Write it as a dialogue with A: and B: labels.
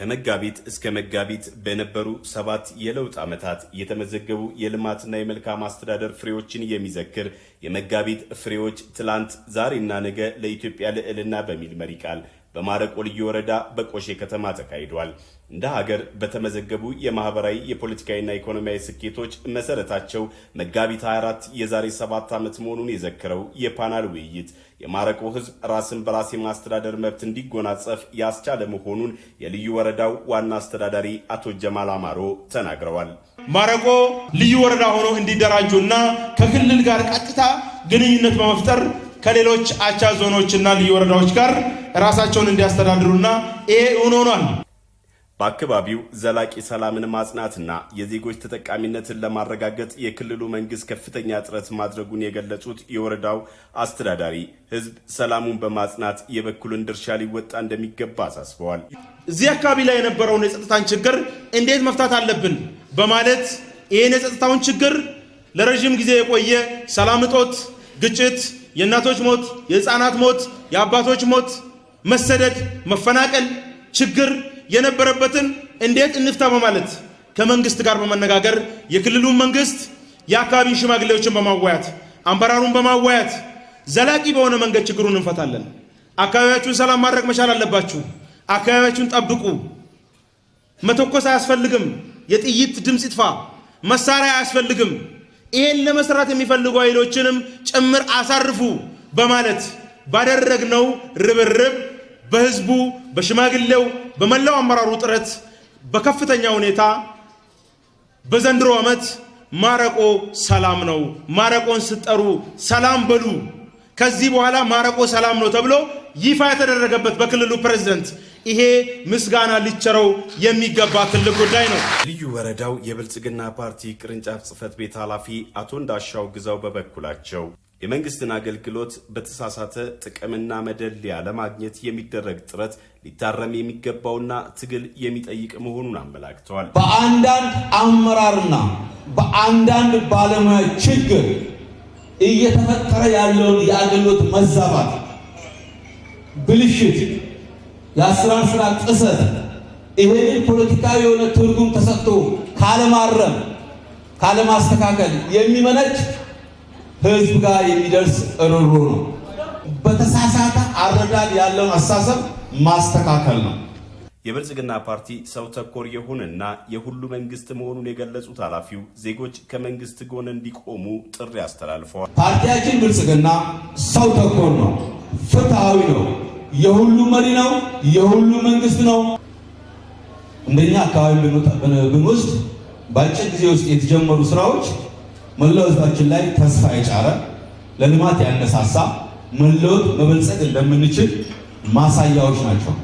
A: ከመጋቢት እስከ መጋቢት በነበሩ ሰባት የለውጥ ዓመታት የተመዘገቡ የልማትና የመልካም አስተዳደር ፍሬዎችን የሚዘክር የመጋቢት ፍሬዎች ትላንት ዛሬና ነገ ለኢትዮጵያ ልዕልና በሚል መሪ ቃል በማረቆ ልዩ ወረዳ በቆሼ ከተማ ተካሂዷል። እንደ ሀገር በተመዘገቡ የማህበራዊ የፖለቲካዊና ኢኮኖሚያዊ ስኬቶች መሰረታቸው መጋቢት 24 የዛሬ ሰባት ዓመት መሆኑን የዘክረው የፓናል ውይይት የማረቆ ህዝብ ራስን በራስ የማስተዳደር መብት እንዲጎናጸፍ ያስቻለ መሆኑን የልዩ ወረዳው ዋና አስተዳዳሪ አቶ ጀማል አማሮ ተናግረዋል።
B: ማረቆ ልዩ ወረዳ ሆኖ እንዲደራጁና ከክልል ጋር ቀጥታ ግንኙነት በመፍጠር ከሌሎች አቻ ዞኖችና ልዩ ወረዳዎች ጋር ራሳቸውን እንዲያስተዳድሩና ይሄ እውን ሆኗል።
A: በአካባቢው ዘላቂ ሰላምን ማጽናትና የዜጎች ተጠቃሚነትን ለማረጋገጥ የክልሉ መንግስት ከፍተኛ ጥረት ማድረጉን የገለጹት የወረዳው አስተዳዳሪ ህዝብ ሰላሙን በማጽናት የበኩሉን ድርሻ ሊወጣ እንደሚገባ አሳስበዋል።
B: እዚህ አካባቢ ላይ የነበረውን የጸጥታን ችግር እንዴት መፍታት አለብን በማለት ይህን የጸጥታውን ችግር ለረዥም ጊዜ የቆየ ሰላም እጦት፣ ግጭት የእናቶች ሞት፣ የህፃናት ሞት፣ የአባቶች ሞት፣ መሰደድ፣ መፈናቀል፣ ችግር የነበረበትን እንዴት እንፍታ በማለት ከመንግስት ጋር በመነጋገር የክልሉን መንግስት የአካባቢ ሽማግሌዎችን በማዋያት አመራሩን በማዋያት ዘላቂ በሆነ መንገድ ችግሩን እንፈታለን። አካባቢያችሁን ሰላም ማድረግ መቻል አለባችሁ። አካባቢያችሁን ጠብቁ። መተኮስ አያስፈልግም። የጥይት ድምፅ ይጥፋ። መሳሪያ አያስፈልግም። ይሄን ለመስራት የሚፈልጉ ኃይሎችንም ጭምር አሳርፉ በማለት ባደረግነው ርብርብ በህዝቡ፣ በሽማግሌው፣ በመላው አመራሩ ጥረት በከፍተኛ ሁኔታ በዘንድሮ ዓመት ማረቆ ሰላም ነው፣ ማረቆን ስጠሩ ሰላም በሉ፣ ከዚህ በኋላ ማረቆ ሰላም ነው ተብሎ ይፋ የተደረገበት በክልሉ ፕሬዝደንት ይሄ ምስጋና ሊቸረው የሚገባ ትልቅ ጉዳይ ነው።
A: ልዩ ወረዳው የብልጽግና ፓርቲ ቅርንጫፍ ጽህፈት ቤት ኃላፊ አቶ እንዳሻው ግዛው በበኩላቸው የመንግስትን አገልግሎት በተሳሳተ ጥቅምና መደሊያ ለማግኘት የሚደረግ ጥረት ሊታረም የሚገባውና ትግል የሚጠይቅ መሆኑን አመላክተዋል።
C: በአንዳንድ አመራርና በአንዳንድ ባለሙያ ችግር እየተፈጠረ ያለውን የአገልግሎት መዛባት፣ ብልሽት የአሰራር ስራ ጥሰት ይሄንን ፖለቲካዊ የሆነ ትርጉም ተሰጥቶ ካለማረም ካለማስተካከል የሚመነጭ ህዝብ ጋር የሚደርስ እርሮ ነው። በተሳሳተ አረዳድ ያለውን አስተሳሰብ ማስተካከል ነው።
A: የብልጽግና ፓርቲ ሰው ተኮር የሆነና የሁሉ መንግስት መሆኑን የገለጹት ኃላፊው ዜጎች ከመንግስት ጎን እንዲቆሙ ጥሪ አስተላልፈዋል።
C: ፓርቲያችን ብልጽግና ሰው ተኮር ነው፣ ፍትሐዊ ነው የሁሉ መሪ ነው፣ የሁሉ መንግስት ነው። እንደኛ አካባቢ ብንወስድ በአጭር ጊዜ ውስጥ የተጀመሩ ስራዎች መላው ህዝባችን ላይ ተስፋ የጫረ ለልማት ያነሳሳ መለወጥ መበልጸግ እንደምንችል ማሳያዎች ናቸው።